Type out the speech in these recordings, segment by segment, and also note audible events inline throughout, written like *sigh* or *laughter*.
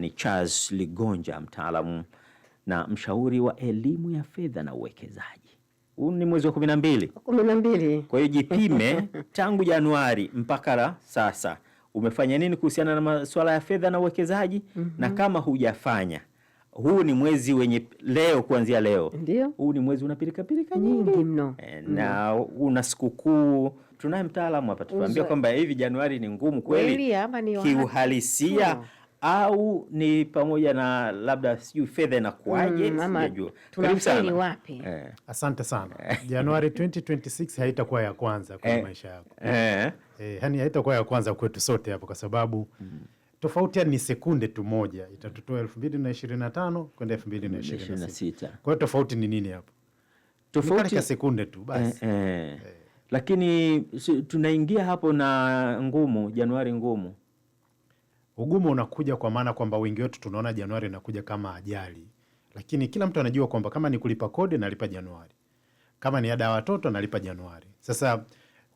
Ni Charles Ligonja, mtaalamu na mshauri wa elimu ya fedha na uwekezaji. Huu ni mwezi wa kumi na mbili kumi na mbili. Kwa hiyo jipime, *laughs* tangu Januari mpaka la sasa umefanya nini kuhusiana na masuala ya fedha na uwekezaji? mm -hmm. na kama hujafanya huu ni mwezi wenye leo, kuanzia leo ndio huu ni mwezi unapilika pilika nyingi mno eh, mhm. na una sikukuu. Tunaye mtaalamu hapa, tutuambia kwamba hivi Januari ni ngumu kweli kiuhalisia au ni pamoja na labda sijui fedha inakuaje, mm, Karibu sana wapi? Eh. Asante sana. *laughs* Eh. Januari 2026 haitakuwa ya kwanza kwa eh, maisha yako eh. Eh, yani haitakuwa ya kwanza kwetu sote hapo, kwa sababu mm, tofauti ni sekunde tu moja itatutoa 2025 kwenda 2026. Kwa hiyo tofauti ni nini hapo? Tofauti ya sekunde tu basi eh, eh. Eh. Lakini tunaingia hapo na ngumu Januari ngumu Ugumu unakuja kwa maana kwamba wengi wetu tunaona Januari inakuja kama ajali, lakini kila mtu anajua kwamba kama ni kulipa kodi nalipa Januari, kama ni ada ya watoto nalipa Januari. Sasa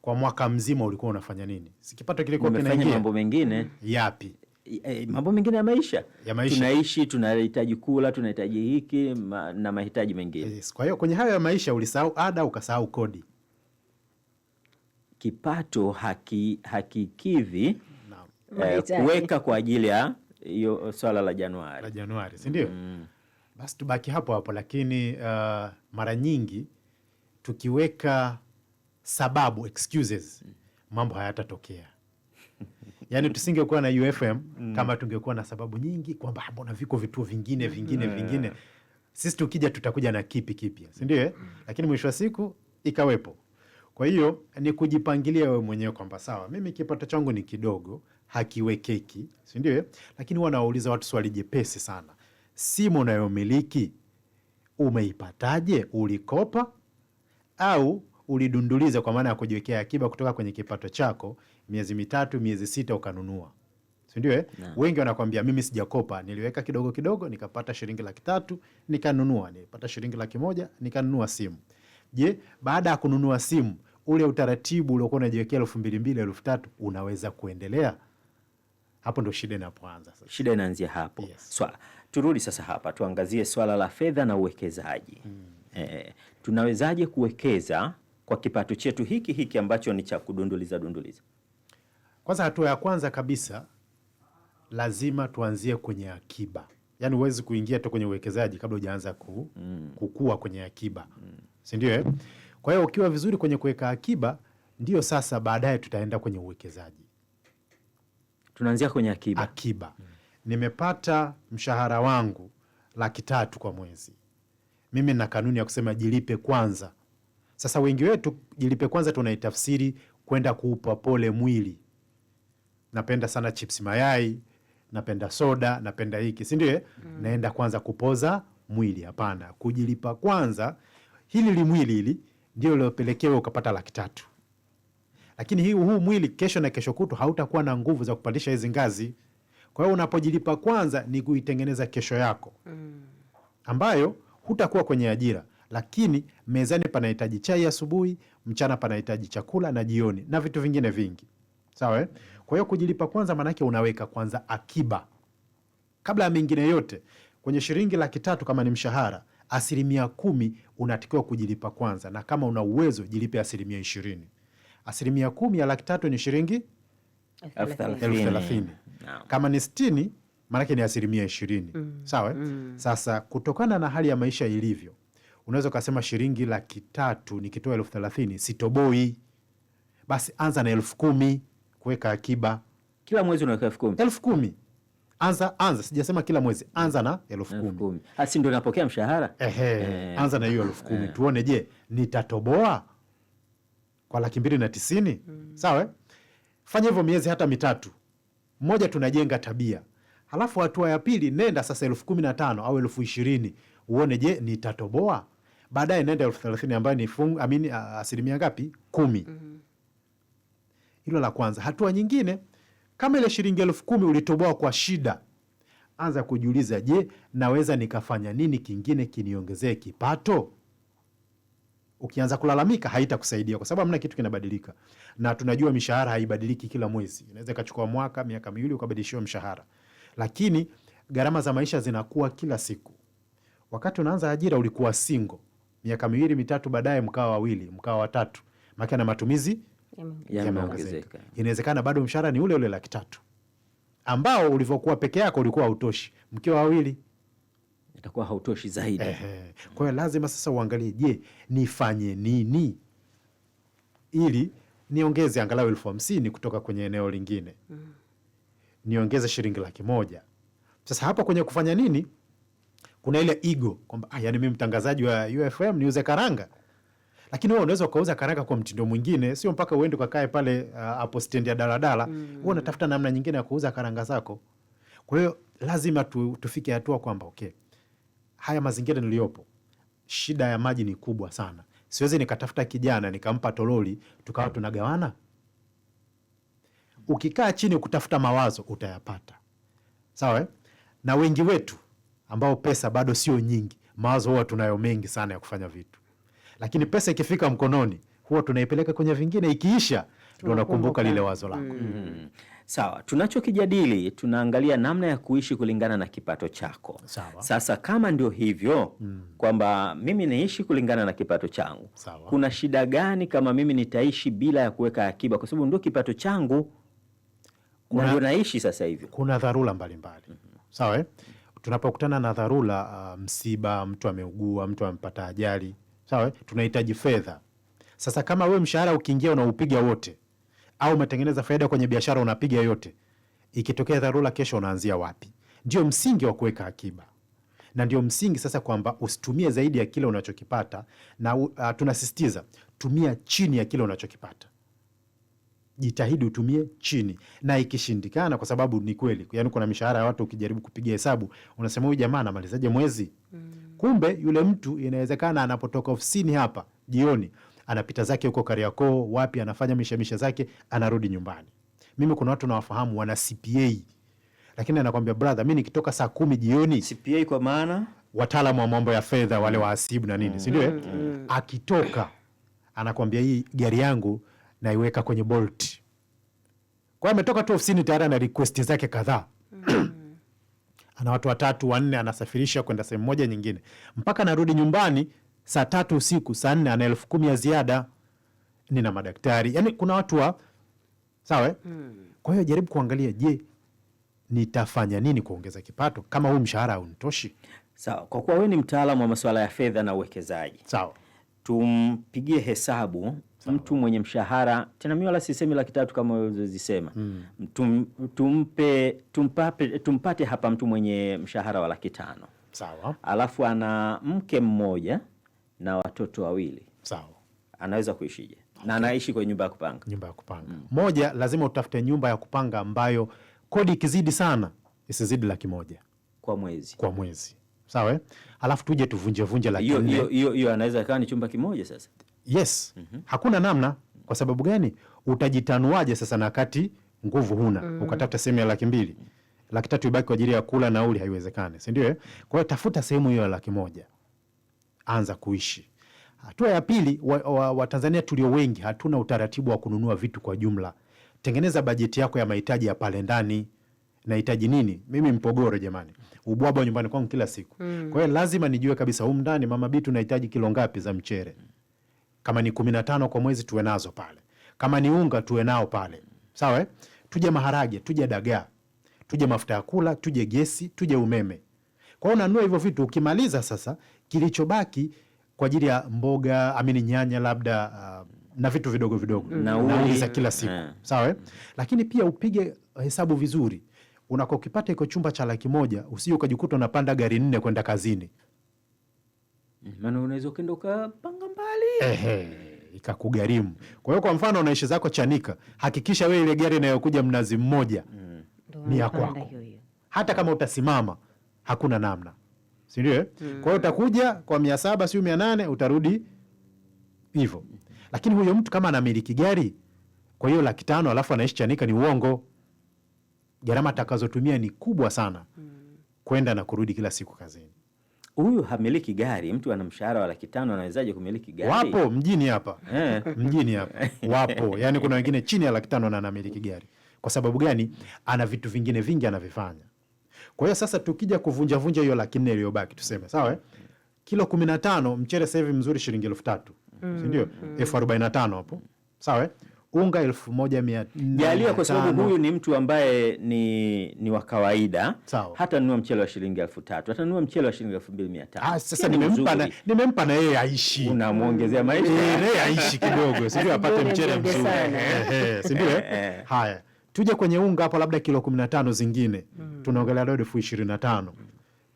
kwa mwaka mzima ulikuwa unafanya nini? Sikipato kile kwa kinaingia mambo mengine yapi? E, e, mambo mengine ya maisha, ya maisha tunaishi, tunahitaji kula, tunahitaji hiki ma, na mahitaji mengine yes. Kwa hiyo kwenye hayo ya maisha ulisahau ada, ukasahau kodi, kipato hakikidhi haki Eh, kuweka kwa ajili ya hiyo swala la Januari, la Januari si ndio? mm. Basi tubaki hapo hapo, lakini uh, mara nyingi tukiweka sababu excuses, mambo hayatatokea *laughs* yaani tusingekuwa na UFM mm. kama tungekuwa na sababu nyingi kwamba ah, mbona viko vituo vingine vingine mm. vingine, sisi tukija tutakuja na kipi kipya, si ndio? Eh? mm. Lakini mwisho wa siku ikawepo. Kwa hiyo ni kujipangilia wewe mwenyewe kwamba sawa, mimi kipato changu ni kidogo, hakiwekeki, si ndio? Eh? Lakini huwa nawauliza watu swali jepesi sana, simu unayomiliki umeipataje? Ulikopa au ulidunduliza, kwa maana ya kujiwekea akiba kutoka kwenye kipato chako, miezi mitatu, miezi sita, ukanunua si ndio eh? Wengi wanakwambia mimi sijakopa, niliweka kidogo kidogo, nikapata shilingi laki tatu nikanunua, nilipata shilingi laki moja nikanunua simu. Je, baada ya kununua simu ule utaratibu uliokuwa unajiwekea elfu mbili mbili elfu tatu unaweza kuendelea? Hapo ndo shida inapoanza sasa. Shida inaanzia hapo yes. So, turudi sasa hapa tuangazie swala la fedha na uwekezaji mm. E, tunawezaje kuwekeza kwa kipato chetu hiki hiki ambacho ni cha kudunduliza dunduliza? Kwanza, hatua ya kwanza kabisa lazima tuanzie kwenye akiba. Yaani huwezi kuingia tu kwenye uwekezaji kabla hujaanza ku, mm. kukua kwenye akiba mm. si ndio eh? Kwa hiyo ukiwa vizuri kwenye kuweka akiba, ndio sasa baadaye tutaenda kwenye uwekezaji. Tunaanzia kwenye akiba. Akiba nimepata mshahara wangu laki tatu kwa mwezi, mimi na kanuni ya kusema jilipe kwanza. Sasa wengi wetu jilipe kwanza tunaitafsiri kwenda kuupa pole mwili, napenda sana chips mayai, napenda soda, napenda hiki, si ndio? Eh? Mm. naenda kwanza kupoza mwili. Hapana, kujilipa kwanza. Hili limwili hili ndio liopelekewa ukapata laki tatu lakini hii huu mwili kesho na kesho kutu hautakuwa na nguvu za kupandisha hizi ngazi. Kwa hiyo unapojilipa kwanza ni kuitengeneza kesho yako mm, ambayo hutakuwa kwenye ajira, lakini mezani panahitaji chai asubuhi, mchana panahitaji chakula na jioni na vitu vingine vingi, sawa. Eh? Kwa hiyo kujilipa kwanza maanake unaweka kwanza akiba kabla ya mengine yote. Kwenye shilingi laki tatu kama ni mshahara, asilimia kumi unatakiwa kujilipa kwanza, na kama una uwezo jilipe asilimia ishirini asilimia kumi ya laki tatu ni shilingi elfu thelathini. Kama ni sitini, maanake ni asilimia ishirini. mm. Sawa mm. Sasa kutokana na hali ya maisha ilivyo, unaweza ukasema shilingi laki tatu nikitoa elfu thelathini sitoboi, basi anza na elfu kumi kuweka akiba kila mwezi unaweka elfu kumi elfu kumi anza anza, sijasema kila mwezi, anza na elfu kumi hasi ah, ndo napokea mshahara ehe, eh. anza na hiyo elfu kumi eh. tuone, je nitatoboa kwa laki mbili na tisini. Mm. Sawa, eh? fanya hivyo miezi hata mitatu. Moja, tunajenga tabia, halafu hatua ya pili, nenda sasa elfu kumi na tano au elfu ishirini uone, je, nitatoboa? Baadaye nenda elfu thelathini ambayo ni fungu amini uh, asilimia ngapi? Kumi. Mm hilo la kwanza. Hatua nyingine kama ile shilingi elfu kumi ulitoboa kwa shida, anza kujiuliza, je, naweza nikafanya nini kingine kiniongezee kipato? ukianza kulalamika haitakusaidia kwa sababu hamna kitu kinabadilika, na tunajua mishahara haibadiliki kila mwezi. Inaweza ikachukua mwaka, miaka miwili ukabadilishiwa mshahara, lakini gharama za maisha zinakuwa kila siku. Wakati unaanza ajira ulikuwa single, miaka miwili mitatu baadaye mkawa wawili, mkawa watatu, maana na matumizi yameongezeka. Inawezekana bado mshahara ni ule ule laki tatu ambao ulivyokuwa peke yako ulikuwa hautoshi, mkiwa wawili itakuwa hautoshi zaidi. Ehe. Kwa hiyo lazima sasa uangalie, je, nifanye nini ili niongeze angalau elfu hamsini kutoka kwenye eneo lingine mm. niongeze shilingi laki moja. Sasa hapa kwenye kufanya nini kuna ile ego kwamba ah, yani mimi mtangazaji wa UFM niuze karanga, lakini wewe unaweza ukauza karanga kwa mtindo mwingine, sio mpaka uende ukakae pale uh, hapo stendi ya daladala mm. wewe unatafuta namna nyingine ya kuuza karanga zako. Kwa hiyo lazima tu, tufike hatua kwamba okay haya mazingira niliyopo, shida ya maji ni kubwa sana. Siwezi nikatafuta kijana nikampa toroli tukawa tunagawana. Ukikaa chini kutafuta mawazo utayapata, sawa. Eh? Na wengi wetu ambao pesa bado sio nyingi, mawazo huwa tunayo mengi sana ya kufanya vitu, lakini pesa ikifika mkononi huwa tunaipeleka kwenye vingine, ikiisha ndo unakumbuka lile wazo lako mm. Sawa, tunachokijadili tunaangalia namna ya kuishi kulingana na kipato chako. Sawa. Sasa kama ndio hivyo mm, kwamba mimi naishi kulingana na kipato changu. Sawa. Kuna shida gani kama mimi nitaishi bila ya kuweka akiba kwa sababu ndio kipato changu ndio naishi sasa hivyo. Kuna dharura mbalimbali. Mm -hmm. Sawa eh? Tunapokutana na dharura uh, msiba, mtu ameugua, mtu amepata ajali. Sawa eh? Tunahitaji fedha. Sasa kama we mshahara ukiingia unaupiga wote au umetengeneza faida kwenye biashara, unapiga yote, ikitokea dharura, kesho unaanzia wapi? Ndio msingi wa kuweka akiba na ndio msingi sasa kwamba usitumie zaidi ya kile unachokipata, na uh, tunasisitiza tumia chini ya kile unachokipata. Jitahidi utumie chini, na ikishindikana, kwa sababu ni kweli, yani kuna mishahara ya watu ukijaribu kupiga hesabu unasema huyu jamaa anamalizaje mwezi? mm. Kumbe yule mtu inawezekana anapotoka ofisini hapa jioni anapita zake huko Kariakoo, wapi, anafanya mishamisha zake, anarudi nyumbani. Mimi kuna watu nawafahamu wana CPA, lakini anakwambia brother, mi nikitoka saa kumi jioni. CPA kwa maana wataalamu wa mambo ya fedha wale wahasibu na nini, si ndio? Eh? Mm, mm. Akitoka anakwambia hii gari yangu naiweka kwenye Bolt. Kwa hiyo ametoka tu ofisini tayari ana request zake kadhaa mm. *clears throat* ana watu watatu wanne, anasafirisha kwenda sehemu moja nyingine, mpaka anarudi nyumbani saa tatu usiku, saa nne ana elfu kumi ya ziada, nina madaktari. Yani kuna watu wa sawa. Eh? Mm. Kwa hiyo jaribu kuangalia, je, nitafanya nini kuongeza kipato kama huu mshahara haunitoshi? Sawa, kwa kuwa wewe ni mtaalamu wa masuala ya fedha na uwekezaji, sawa, tumpigie hesabu Sawa. Mtu mwenye mshahara tena, mimi wala sisemi laki tatu kama ulizozisema mm. Tum, tumpe, tumpate, tumpate hapa mtu mwenye mshahara wa laki tano, sawa, alafu ana mke mmoja na watoto wawili sawa, anaweza kuishije? okay. na anaishi kwenye nyumba ya kupanga, nyumba ya kupanga mm. Moja, lazima utafute nyumba ya kupanga ambayo kodi ikizidi sana isizidi laki moja kwa mwezi, kwa mwezi sawa. Eh? Alafu tuje tuvunje vunje laki nne. Hiyo hiyo hiyo anaweza ikawa ni chumba kimoja sasa. Yes mm -hmm. Hakuna namna. Kwa sababu gani? Utajitanuaje sasa na kati nguvu huna mm Ukatafuta sehemu ya laki mbili laki tatu ibaki kwa ajili ya kula, nauli haiwezekani, si ndio? Eh? Kwa hiyo tafuta sehemu hiyo ya laki moja anza kuishi. Hatua ya pili, Watanzania wa, wa tulio wengi hatuna utaratibu wa kununua vitu kwa jumla. Tengeneza bajeti yako ya mahitaji ya pale ndani. Nahitaji nini? Mimi mpogoro jamani, ubwabwa nyumbani kwangu kila siku mm. Kwa hiyo lazima nijue kabisa humu ndani, mama Bitu, nahitaji kilo ngapi za mchere? Kama ni kumi na tano kwa mwezi tuwe nazo pale, kama ni unga tuwe nao pale, sawa. Eh? Tuje maharage, tuje dagaa, tuje mafuta ya kula, tuje gesi, tuje umeme. Kwa hiyo unanua hivyo vitu, ukimaliza sasa kilichobaki kwa ajili ya mboga amini nyanya labda uh, na vitu vidogo vidogo mm. nauli za kila siku yeah. Mm. Sawa, lakini pia upige hesabu vizuri unako kipata iko chumba cha laki moja, usije ukajikuta unapanda gari nne kwenda kazini, mm, maana unaweza ukaenda ukapanga mbali ehe, ikakugharimu. Kwa hiyo kwa mfano unaishi zako Chanika, hakikisha wewe ile gari inayokuja Mnazi Mmoja mm. ni ya kwako, hata kama utasimama hakuna namna sindio? Mm. Kwa hiyo utakuja kwa mia saba siu mia nane utarudi hivyo. Lakini huyo mtu kama anamiliki gari kwa hiyo laki tano alafu anaishi Chanika ni uongo. Gharama atakazotumia ni kubwa sana mm. kwenda na kurudi kila siku kazini. Huyu hamiliki gari, mtu ana mshahara wa laki tano anawezaje kumiliki gari? Wapo mjini hapa eh. mjini hapa wapo, yani kuna wengine chini ya laki tano na anamiliki gari. Kwa sababu gani? Ana vitu vingine vingi anavifanya. Kwa hiyo sasa tukija kuvunja vunja hiyo laki nne iliyobaki tuseme sawa, eh? kilo kumi na tano mchele sasa hivi mzuri shilingi elfu tatu mm, sindio? Mm. elfu arobaini na tano hapo sawa, eh? unga elfu moja mia jalia yaani kwa sababu huyu ni mtu ambaye ni, ni wa kawaida hata nunua mchele wa shilingi elfu tatu hata nunua mchele wa shilingi elfu mbili mia tano Ah, sasa yaani nimempa na nimempa na yeye aishi, unamwongezea maisha eh, yeye aishi kidogo, sindio? apate mchele mzuri, sindio? haya Tuje kwenye unga hapo, labda kilo kumi na tano zingine mm. tunaongelea dodo elfu ishirini na tano mm.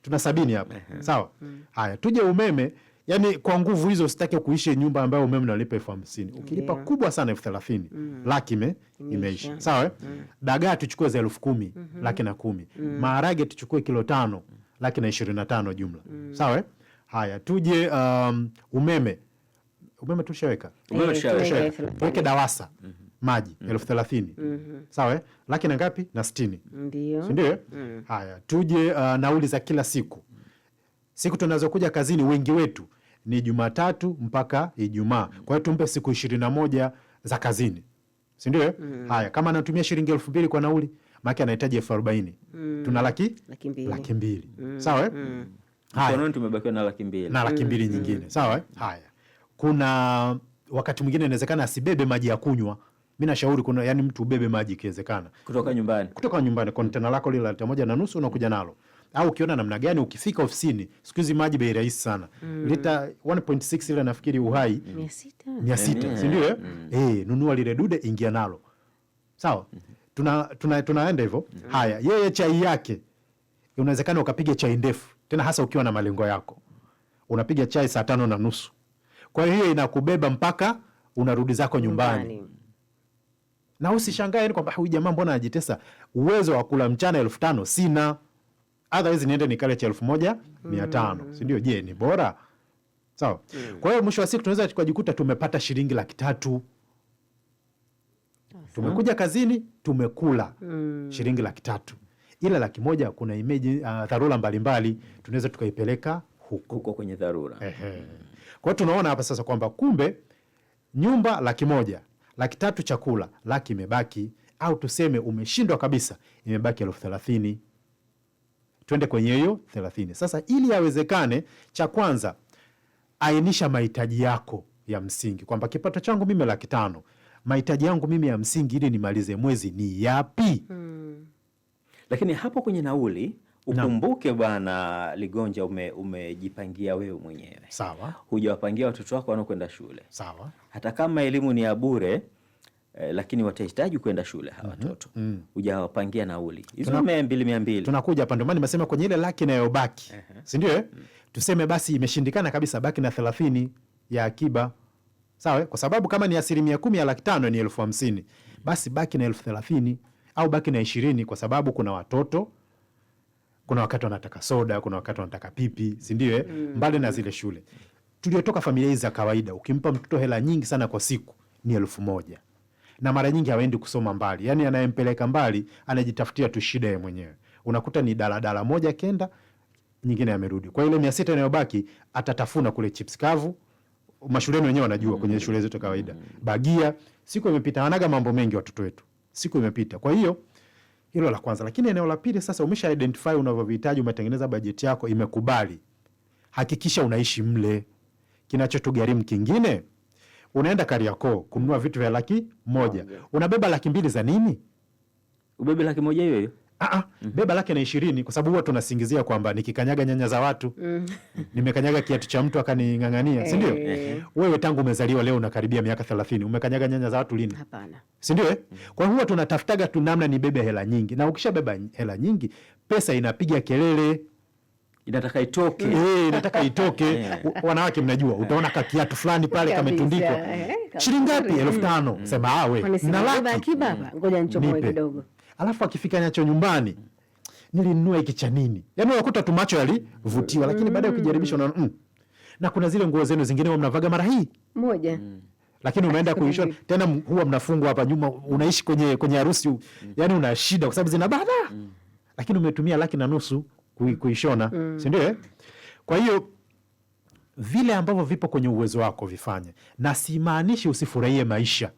tuna sabini hapo mm. sawa mm. haya, tuje umeme yani kwa nguvu hizo sitaki kuishi nyumba ambayo umeme unalipa elfu hamsini ukilipa yeah. kubwa sana elfu thelathini mm. laki ime, imeisha sawa mm. dagaa tuchukue za elfu kumi mm -hmm. laki na kumi mm. maharage tuchukue kilo tano laki na ishirini na tano jumla mm. sawa haya tuje um, umeme umeme tushaweka tushaweka. Weke DAWASA mm -hmm maji mm. elfu thelathini mm -hmm. sawa eh? laki na ngapi na sitini sindio? Eh? mm. Haya, tuje uh, nauli za kila siku siku tunazokuja kazini, wengi wetu ni Jumatatu mpaka Ijumaa. Kwa hiyo tumpe siku ishirini na moja za kazini, sindio? Eh? mm. Haya, kama anatumia shilingi elfu mbili kwa nauli, maake anahitaji elfu arobaini mm. tuna laki laki mbili mm. sawa mm. tumebakiwa na laki mbili na laki mm. mbili mm. nyingine, sawa. Haya, kuna wakati mwingine inawezekana asibebe maji ya kunywa mi nashauri kuna yani, mtu ubebe maji ikiwezekana kutoka nyumbani, kutoka nyumbani, kontena lako lile la lita moja na nusu unakuja nalo au ukiona namna gani, ukifika ofisini. Siku hizi maji bei rahisi sana mm. lita 1.6 ile nafikiri uhai mm. mia sita sindio sita si ndio? Eh? Mm. eh, nunua lile dude, ingia nalo sawa. tuna, tuna, tunaenda hivyo mm. Haya, yeye chai yake unawezekana ukapiga chai ndefu, tena hasa ukiwa na malengo yako, unapiga chai saa tano na nusu. Kwa hiyo inakubeba mpaka unarudi zako nyumbani, nyumbani na usishangae yaani kwamba ah, huyu jamaa mbona anajitesa. Uwezo wa kula mchana elfu tano sina, otherwise niende nikale cha elfu moja mia tano mm. si ndio? Je, ni bora sawa? Mm. Kwa hiyo mwisho wa siku tunaweza tukajikuta tumepata shilingi laki tatu tumekuja kazini tumekula mm. shilingi laki tatu, ila laki moja kuna imeji, uh, dharura mbalimbali tunaweza tukaipeleka huko huko kwenye dharura. Kwa hiyo tunaona hapa sasa kwamba kumbe nyumba laki moja laki tatu chakula, laki imebaki, au tuseme umeshindwa kabisa, imebaki elfu thelathini. Twende kwenye hiyo thelathini. Sasa ili yawezekane, cha kwanza ainisha mahitaji yako ya msingi, kwamba kipato changu mimi laki tano, mahitaji yangu mimi ya msingi ili nimalize mwezi ni yapi? hmm. Lakini hapo kwenye nauli Ukumbuke bwana Ligonja, umejipangia ume, wewe mwenyewe sawa, hujawapangia watoto wako wanaokwenda shule sawa. Hata kama elimu ni ya bure eh, lakini watahitaji kwenda shule hawa mhm. watoto mm -hmm. Hujawapangia nauli hizo Tuna... mia mbili mia mbili, tunakuja hapa. Ndio maana nimesema kwenye ile laki inayobaki uh -huh. si ndio eh? mm -hmm. Tuseme basi imeshindikana kabisa, baki na thelathini ya akiba sawa, eh? kwa sababu kama ni asilimia kumi ya laki tano ni elfu hamsini basi baki na elfu thelathini au baki na ishirini kwa sababu kuna watoto kuna wakati wanataka soda, kuna wakati wanataka pipi, si ndio? Eh, mm. mbali na zile shule tuliotoka familia hizi za kawaida, ukimpa mtoto hela nyingi sana kwa siku ni elfu moja na mara nyingi hawaendi kusoma mbali, yani anayempeleka mbali anajitafutia tu shida yeye mwenyewe. Unakuta ni daladala moja kenda nyingine amerudi, kwa ile mia sita inayobaki atatafuna kule chips kavu mashuleni wenyewe wanajua, kwenye mm. shule zetu kawaida mm. bagia. Siku imepita, anaga mambo mengi watoto wetu, siku imepita, kwa hiyo hilo la kwanza, lakini eneo la pili sasa, umesha identify unavyohitaji, umetengeneza bajeti yako, imekubali, hakikisha unaishi mle. Kinachotugharimu kingine, unaenda Kariakoo kununua vitu vya laki moja, unabeba laki mbili za nini? Ubebe laki moja hiyo hiyo ah, mm -hmm. beba lake na ishirini, kwa sababu huwa tunasingizia kwamba nikikanyaga nyanya za watu mm -hmm. nimekanyaga kiatu cha mtu akaning'ang'ania hey. Sindio? hey. Eh. Wewe tangu umezaliwa leo unakaribia miaka thelathini, umekanyaga nyanya za watu lini? Hapana, sindio? Eh? mm -hmm. Kwa hiyo huwa tunatafutaga tu namna nibebe hela nyingi, na ukishabeba hela nyingi pesa inapiga kelele inataka itoke hey, eh, inataka itoke. yeah. *laughs* Wanawake mnajua, utaona ka kiatu fulani pale kametundikwa, shilingi ngapi? elfu tano. Mm. Sema awe ah, na mm. ngoja nichomoe kidogo alafu akifika nacho nyumbani nilinunua hiki cha nini? Yani unakuta tu macho yalivutiwa, lakini baadaye ukijaribisha unaona mm. Na kuna zile nguo zenu zingine huwa mnavaga mara hii moja mm. Lakini umeenda kuishona tena, huwa mnafungwa hapa nyuma, unaishi kwenye kwenye harusi mm. Yaani una shida kwa sababu zina bada mm. Lakini umetumia laki na nusu kuishona mm. si ndio? Eh? Kwa hiyo vile ambavyo vipo kwenye uwezo wako vifanye, na simaanishi usifurahie maisha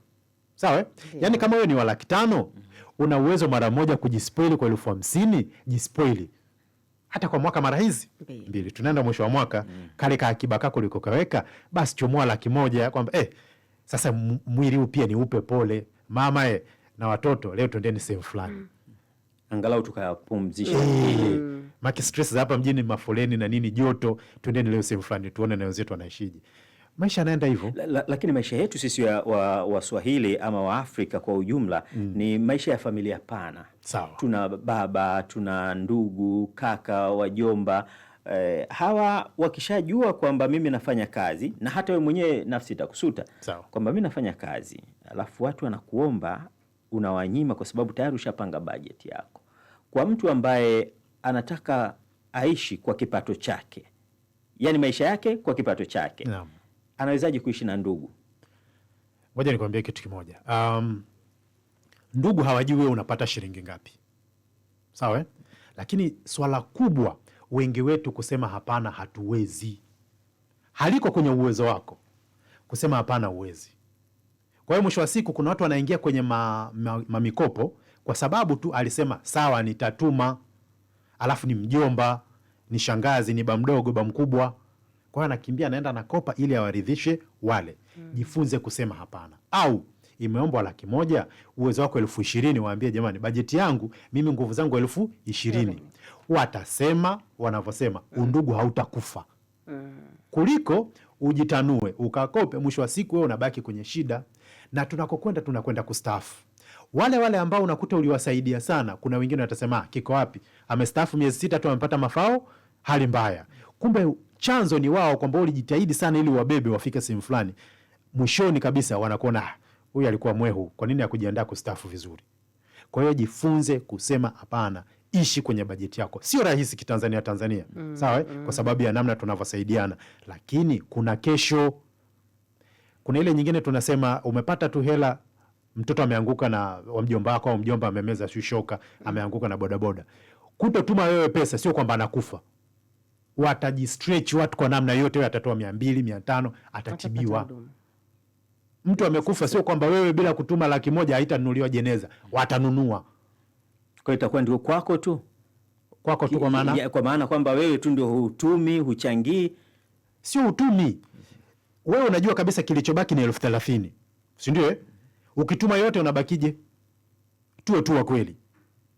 sawa, yeah. Yani kama wewe ni wa laki tano mm una uwezo mara moja kujispoili kwa elfu hamsini, jispoili hata kwa mwaka mara hizi mbili, tunaenda mwisho wa mwaka mm. kale ka akiba kako likokaweka basi chomoa laki moja kwamba eh, sasa mwili huu pia ni upe pole mama eh, na watoto leo tuendeni sehemu fulani mm. angalau tukayapumzisha eh. mm. maki stress hapa mjini, mafoleni na nini, joto, tuendeni leo sehemu fulani tuone na wenzetu wanaishije maisha yanaenda hivyo la, la, lakini maisha yetu sisi wa Waswahili ama Waafrika kwa ujumla mm. ni maisha ya familia pana. Sawa. Tuna baba, tuna ndugu, kaka, wajomba eh, hawa wakishajua kwamba mimi nafanya kazi na hata wewe mwenyewe nafsi itakusuta kwamba mimi nafanya kazi, alafu watu wanakuomba, unawanyima kwa sababu tayari ushapanga bajeti yako. Kwa mtu ambaye anataka aishi kwa kipato chake, yani maisha yake kwa kipato chake Naam anawezaje kuishi na ndugu? Ngoja nikwambie kitu kimoja. Um, ndugu hawajui wewe unapata shilingi ngapi, sawa? Eh? Lakini swala kubwa wengi wetu kusema hapana, hatuwezi, haliko kwenye uwezo wako kusema hapana, uwezi. Kwa hiyo mwisho wa siku kuna watu wanaingia kwenye mamikopo ma, ma kwa sababu tu alisema sawa, nitatuma, alafu ni mjomba, ni shangazi, ni ba mdogo, ba mkubwa kwa hiyo anakimbia anaenda nakopa ili awaridhishe wale. Mm. Jifunze kusema hapana. Au imeombwa laki moja, uwezo wako elfu ishirini, waambie jamani, bajeti yangu mimi nguvu zangu elfu ishirini. mm. Watasema wanavyosema, mm. undugu hautakufa. Mm. Kuliko ujitanue ukakope, mwisho wa siku wewe unabaki kwenye shida, na tunakokwenda tunakwenda kustaafu. Wale wale ambao unakuta uliwasaidia sana, kuna wengine watasema ah, kiko wapi, amestaafu miezi sita tu amepata mafao, hali mbaya kumbe chanzo ni wao, kwamba ulijitahidi sana ili wabebe wafike sehemu fulani, mwishoni kabisa wanakuona huyu alikuwa mwehu, kwa nini akujiandaa kustafu vizuri? Kwa hiyo jifunze kusema hapana, ishi kwenye bajeti yako. Sio rahisi kitanzania Tanzania, mm, sawa eh? mm, kwa sababu ya namna tunavyosaidiana, lakini kuna kesho. Kuna ile nyingine tunasema umepata tu hela, mtoto ameanguka na wa mjomba wako au mjomba amemeza shoka, mm. ameanguka na bodaboda, kutotuma wewe pesa sio kwamba anakufa watajistretch watu kwa namna yote, wewe atatoa mia mbili mia tano atatibiwa. Mtu amekufa, sio kwamba wewe bila kutuma laki moja haitanunuliwa jeneza, watanunua. Kwa hiyo itakuwa ndio kwako tu, kwako tu, kwa maana kwa maana kwamba wewe tu ndio hutumi, huchangii. Sio utumi, wewe unajua kabisa kilichobaki ni elfu thelathini, si ndio? Eh, ukituma yote unabakije? Tuwe tu wa kweli,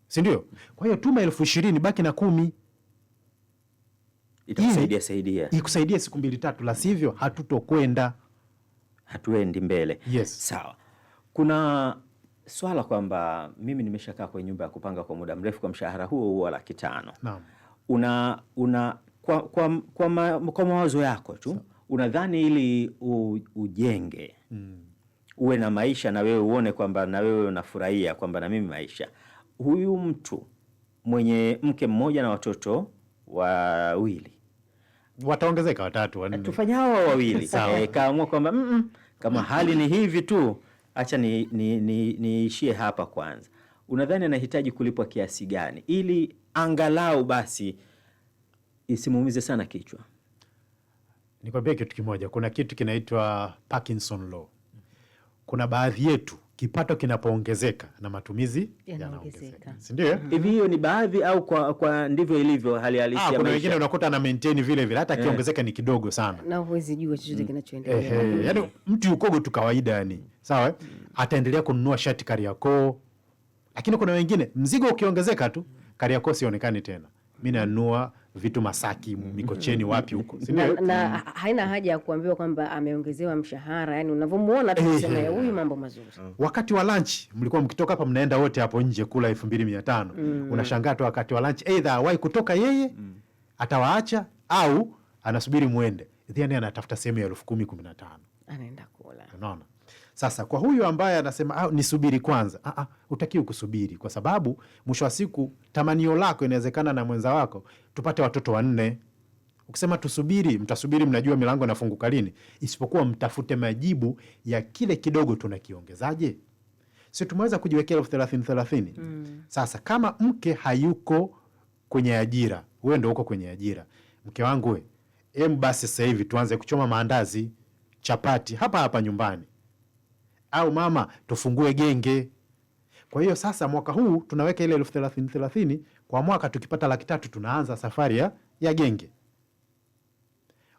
si ndio? Kwa hiyo tuma elfu ishirini, baki na kumi itakusaidia hmm. saidia, ikusaidia siku mbili tatu, la sivyo hatutokwenda, hatuendi mbele. Yes. Sawa, kuna swala kwamba mimi nimeshakaa kwenye nyumba ya kupanga kwa muda mrefu kwa mshahara huo huo laki tano. Naam. Una, una kwa, kwa, kwa, ma, kwa mawazo yako tu so, unadhani ili u, ujenge mm, uwe na maisha na wewe uone kwamba na wewe unafurahia kwamba na mimi maisha, huyu mtu mwenye mke mmoja na watoto wawili wataongezeka watatu wanne, tufanya hawa wawili *laughs* eh, kaamua kwamba mm -mm, kama hali ni hivi tu, acha niishie ni, ni, ni hapa kwanza. Unadhani anahitaji kulipwa kiasi gani ili angalau basi isimuumize sana kichwa? Nikwambie kitu kimoja, kuna kitu kinaitwa Parkinson law. Kuna baadhi yetu kipato kinapoongezeka na matumizi yanaongezeka, si ndio? Hivi hiyo ni baadhi au kwa, kwa ndivyo ilivyo hali halisi ah, ya maisha. Kuna wengine unakuta na maintain vile vile hata eh. kiongezeka ni kidogo sana, na huwezi jua chochote mm. kinachoendelea. Yaani mtu yukogo tu kawaida yani, sawa, mm. ataendelea kununua shati Kariakoo, lakini kuna wengine mzigo ukiongezeka tu Kariakoo sionekani tena, mimi nanunua vitu Masaki, Mikocheni, mm-hmm. wapi huko na, na mm. haina haja ya kuambiwa kwamba ameongezewa mshahara, yani unavyomuona tu kusema huyu mambo mazuri. Mm. Wakati wa lunch mlikuwa mkitoka hapa mnaenda wote hapo nje kula 2500 mm. Unashangaa tu wakati wa lunch either awahi kutoka yeye mm. atawaacha au anasubiri muende, then anatafuta sehemu ya elfu kumi kumi na tano anaenda kula, unaona. Sasa kwa huyu ambaye anasema ah, nisubiri kwanza, ah, ah, utakiwe kusubiri, kwa sababu mwisho wa siku tamanio lako inawezekana na mwenza wako tupate watoto wanne. Ukisema tusubiri, mtasubiri, mnajua milango inafunguka lini, isipokuwa mtafute majibu ya kile kidogo tunakiongezaje. Si tumeweza kujiwekea elfu thelathini thelathini. Mm. Sasa kama mke hayuko kwenye ajira, wewe ndo uko kwenye ajira, mke wangu, we em, basi sasa hivi tuanze kuchoma maandazi, chapati hapa hapa nyumbani au mama tufungue genge. Kwa hiyo sasa mwaka huu tunaweka ile elfu thelathini thelathini kwa mwaka, tukipata laki tatu tunaanza safari ya, ya genge.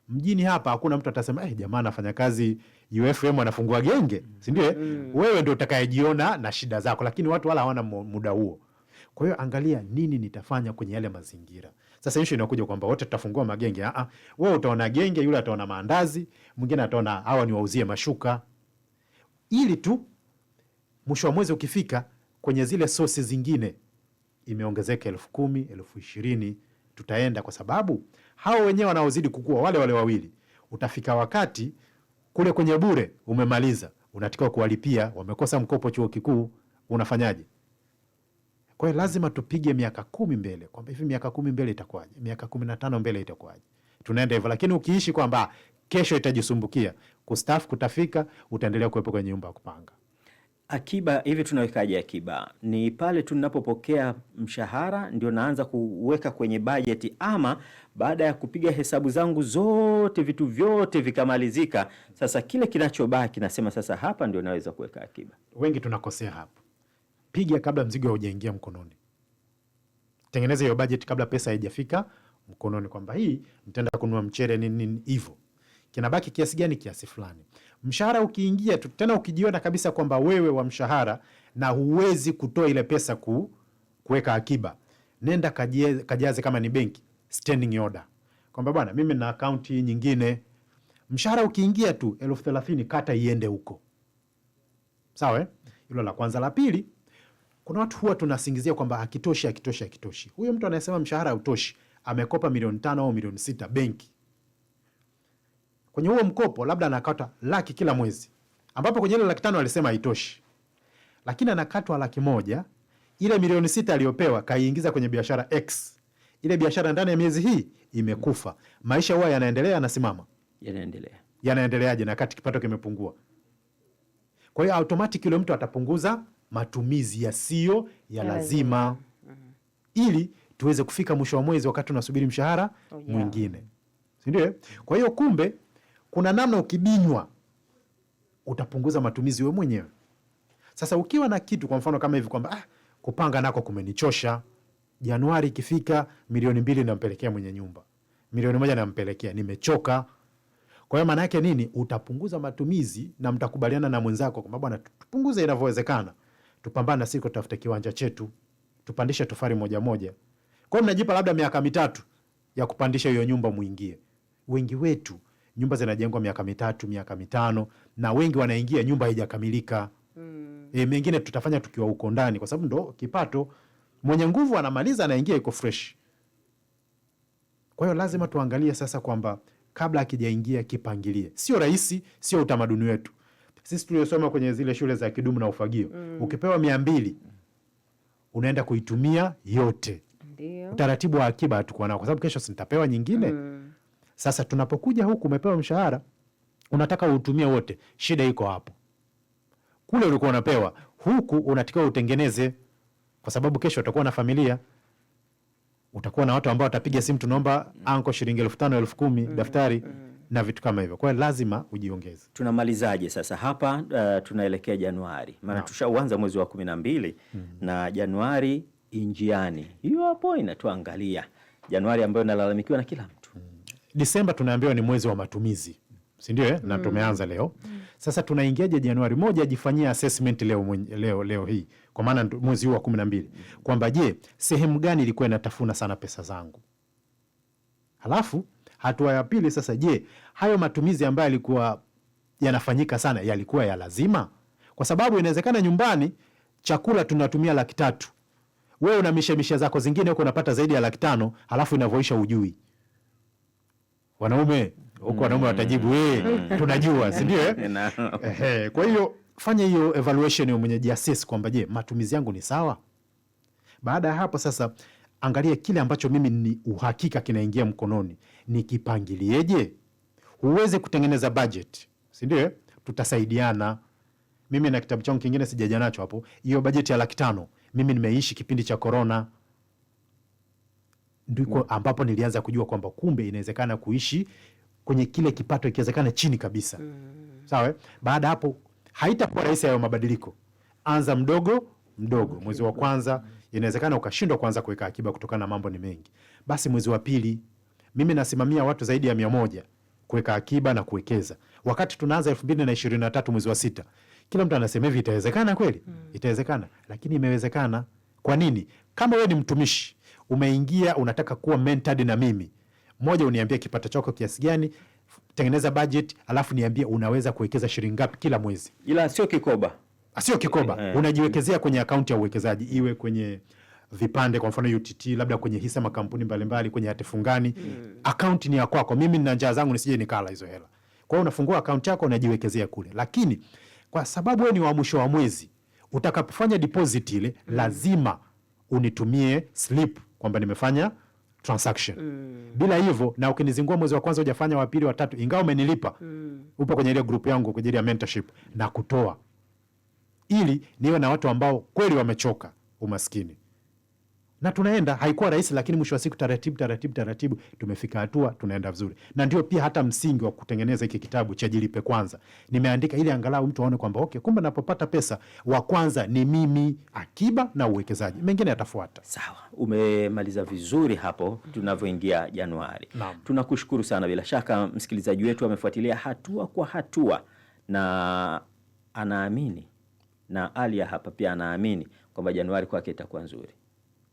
Mjini hapa hakuna mtu atasema eh, jamaa anafanya kazi UFM anafungua genge, si ndio? Eh? Mm. Wewe ndio utakayejiona na shida zako, lakini watu wala hawana muda huo. Kwa hiyo angalia nini nitafanya kwenye yale mazingira. Sasa issue inakuja kwamba wote tutafungua magenge. Ah, ah wewe utaona genge, yule ataona maandazi, mwingine ataona hawa niwauzie mashuka ili tu mwisho wa mwezi ukifika kwenye zile sosi zingine imeongezeka elfu kumi elfu ishirini tutaenda kwa sababu hao wenyewe wanaozidi kukua wale wale wawili, utafika wakati kule kwenye bure umemaliza, unatakiwa kuwalipia. Wamekosa mkopo chuo kikuu, unafanyaje? Kwa hiyo lazima tupige miaka kumi mbele, kwamba hivi miaka kumi mbele itakuwaje, miaka kumi na tano mbele itakuwaje, tunaenda hivyo. Lakini ukiishi kwamba kesho itajisumbukia, kustaafu kutafika, utaendelea kuwepo kwenye nyumba ya kupanga. Akiba hivi tunawekaje akiba? Ni pale tu ninapopokea mshahara ndio naanza kuweka kwenye bajeti, ama baada ya kupiga hesabu zangu zote vitu vyote vikamalizika, sasa kile kinachobaki nasema sasa hapa ndio naweza kuweka akiba. Wengi tunakosea hapo. Piga kabla mzigo haujaingia mkononi, tengeneza hiyo bajeti kabla pesa haijafika mkononi, kwamba hii nitaenda kununua mchele nini nini kinabaki kiasi gani? Kiasi fulani. Mshahara ukiingia tu tena, ukijiona kabisa kwamba wewe wa mshahara na huwezi kutoa ile pesa ku, kuweka akiba, nenda kajaze, kama ni benki standing order kwamba bwana, mimi na akaunti nyingine. Mshahara ukiingia tu elfu thelathini kata iende huko, sawa. eh? Hilo la kwanza. La pili, kuna watu huwa tunasingizia kwamba akitoshi, akitoshi, akitoshi. Huyo mtu anayesema mshahara hautoshi amekopa milioni tano au milioni sita benki kwenye huo mkopo labda anakata laki kila mwezi, ambapo kwenye ile laki tano alisema haitoshi, lakini anakatwa laki moja. Ile milioni sita aliyopewa kaiingiza kwenye biashara X. Ile biashara ndani ya miezi hii imekufa. Maisha huwa yanaendelea, yanasimama, yanaendelea, yanaendeleaje na kati kipato kimepungua. Kwa hiyo automatic yule mtu atapunguza matumizi yasiyo ya lazima mm-hmm. ili tuweze kufika mwisho wa mwezi wakati tunasubiri mshahara oh, yeah, mwingine, si ndio? Eh? Kwa hiyo kumbe kuna namna ukibinywa utapunguza matumizi wewe mwenyewe. Sasa ukiwa na kitu kwa mfano kama hivi kwamba ah, kupanga nako kumenichosha, Januari ikifika milioni mbili nampelekea mwenye nyumba, milioni moja nampelekea, nimechoka. Kwa hiyo maana yake nini? Utapunguza matumizi na mtakubaliana na mwenzako kwamba bwana, tupunguze inavyowezekana, tupambane na siku, tutafute kiwanja chetu, tupandishe tofali moja moja. Kwa hiyo mnajipa labda miaka mitatu ya kupandisha hiyo nyumba muingie. Wengi wetu nyumba zinajengwa miaka mitatu, miaka mitano, na wengi wanaingia nyumba haijakamilika. Mm. E, mengine tutafanya tukiwa huko ndani, kwa sababu ndo kipato. Mwenye nguvu anamaliza, anaingia, iko fresh. Kwa hiyo lazima tuangalie sasa kwamba kabla akijaingia kipangilie. Sio rahisi, sio utamaduni wetu sisi tuliosoma kwenye zile shule za kidumu na ufagio. Mm. Ukipewa mia mbili unaenda kuitumia yote. Ndiyo. Utaratibu wa akiba hatukuwa nao, kwa sababu kesho sintapewa nyingine. Mm. Sasa tunapokuja huku, umepewa mshahara unataka uutumie wote, shida iko hapo. Kule ulikuwa unapewa, huku unatakiwa utengeneze, kwa sababu kesho utakuwa na familia, utakuwa na watu ambao watapiga simu, tunaomba mm. anko shilingi elfu tano elfu kumi mm, daftari mm. na vitu kama hivyo. Kwa hiyo lazima ujiongeze. Tunamalizaje sasa hapa? Uh, tunaelekea Januari maana tushauanza mwezi wa kumi na mbili mm -hmm. na Januari injiani hiyo hapo inatuangalia Januari ambayo inalalamikiwa na kila mtu. Disemba tunaambiwa ni mwezi wa matumizi, sindio eh? na mm. tumeanza leo. Mm. Sasa tunaingiaje Januari moja, ajifanyia assessment leo, leo, leo hii kwa maana mwezi huu wa kumi na mbili kwamba je, sehemu gani ilikuwa inatafuna sana pesa zangu? Halafu hatua ya pili sasa, je, hayo matumizi ambayo yalikuwa yanafanyika sana yalikuwa ya lazima? Kwa sababu inawezekana nyumbani chakula tunatumia laki tatu, wewe una mishemishe zako zingine huko unapata zaidi ya laki tano, halafu inavyoisha ujui wanaume huko, mm. wanaume watajibu e, tunajua, sindio Eh, kwa hiyo fanya hiyo evaluation ya mwenye jiassess kwamba je, matumizi yangu ni sawa? Baada ya hapo sasa angalia kile ambacho mimi ni uhakika kinaingia mkononi, nikipangilieje? Huwezi kutengeneza budget, sindio? Eh? Tutasaidiana. Mimi na kitabu changu kingine sijaja nacho hapo, hiyo bajeti ya laki tano mimi nimeishi kipindi cha korona ndiko mm. ambapo nilianza kujua kwamba kumbe inawezekana kuishi kwenye kile kipato ikiwezekana chini kabisa. mm. Sawa, baada hapo haitakuwa rahisi hayo mabadiliko. Anza mdogo mdogo, mm. mwezi wa kwanza inawezekana ukashindwa kuanza kuweka akiba kutokana na mambo ni mengi. Basi mwezi wa pili, mimi nasimamia watu zaidi ya mia moja kuweka akiba na kuwekeza. Wakati tunaanza elfu mbili na ishirini na tatu mwezi wa sita, kila mtu anasema hivi, itawezekana kweli? mm. Itawezekana, lakini imewezekana. Kwa nini? Kama wewe ni mtumishi umeingia unataka kuwa mentored na mimi, moja, uniambie kipato chako kiasi gani, tengeneza budget, alafu niambie unaweza kuwekeza shilingi ngapi kila mwezi, ila sio kikoba, ah, sio kikoba yeah. Unajiwekezea kwenye akaunti ya uwekezaji, iwe kwenye vipande, kwa mfano UTT, labda kwenye hisa makampuni mbalimbali, kwenye hati fungani mm. Akaunti ni ya kwako, mimi nina njaa zangu, nisije nikala hizo hela. Kwa hiyo unafungua akaunti yako unajiwekezea kule, lakini kwa sababu wewe ni wa mwisho wa mwezi, utakapofanya deposit ile hmm. lazima unitumie slip kwamba nimefanya transaction mm. Bila hivyo na ukinizingua mwezi wa kwanza hujafanya, wa pili, wa tatu, ingawa umenilipa mm. upo kwenye ile group yangu kwa ajili ya mentorship na kutoa, ili niwe na watu ambao kweli wamechoka umaskini na tunaenda. Haikuwa rahisi, lakini mwisho wa siku taratibu taratibu taratibu tumefika hatua, tunaenda vizuri, na ndio pia hata msingi wa kutengeneza hiki kitabu cha Jilipe Kwanza. Nimeandika ili angalau mtu aone kwamba okay, kumbe napopata pesa wa kwanza ni mimi, akiba na uwekezaji, mengine yatafuata. Sawa, umemaliza vizuri hapo. Tunavyoingia Januari, tunakushukuru sana. Bila shaka msikilizaji wetu amefuatilia hatua kwa hatua na anaamini na Alia hapa pia anaamini kwamba Januari kwake itakuwa nzuri.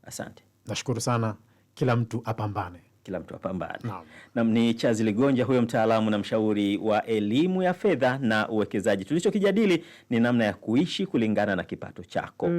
Asante, nashukuru sana. Kila mtu apambane, kila mtu apambane. Naam, nam ni Chazi Ligonja huyo mtaalamu na mshauri wa elimu ya fedha na uwekezaji. Tulichokijadili ni namna ya kuishi kulingana na kipato chako. Mm.